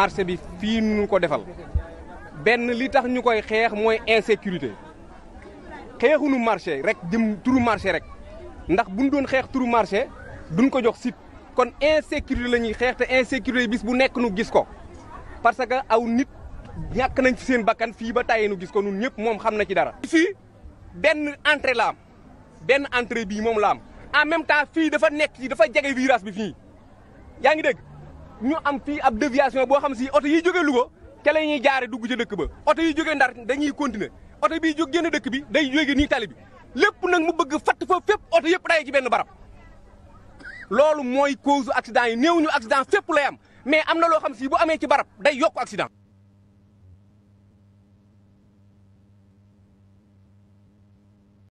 marché bi fii nu ko defal benn li tax ñu koy xeex mooy insécurité xeexunu marché rek jëm turu marché rek ndax buñ doon xeex turu marché duñ ko jox site kon insécurité la ñuy xeex te insécurité bis bu nekk nu gis ko parce que aw nit ñàkk nañ ci seen bakkan fii ba tàyyee nu gis ko nun ñëpp moom xam na ci dara fii benn entrée la am benn entrée bii moom la am en même temps fii dafa nekk ci dafa jege ras bi fii yaa ngi dégg ñu am fii ab déviation boo xam si oto yi jógee Louga ca la ñuy jaare dugg ci dëkk ba oto yi jógee Ndar dañuy continuer oto bii jóg génn dëkk bi day jóge nii tali bi lépp nag mu bëgg fatt fa fépp oto yëpp day ci benn barab loolu mooy cause accident yi néew ñu accident fépp lay am mais am na loo xam si boo amee ci barab day yokk accident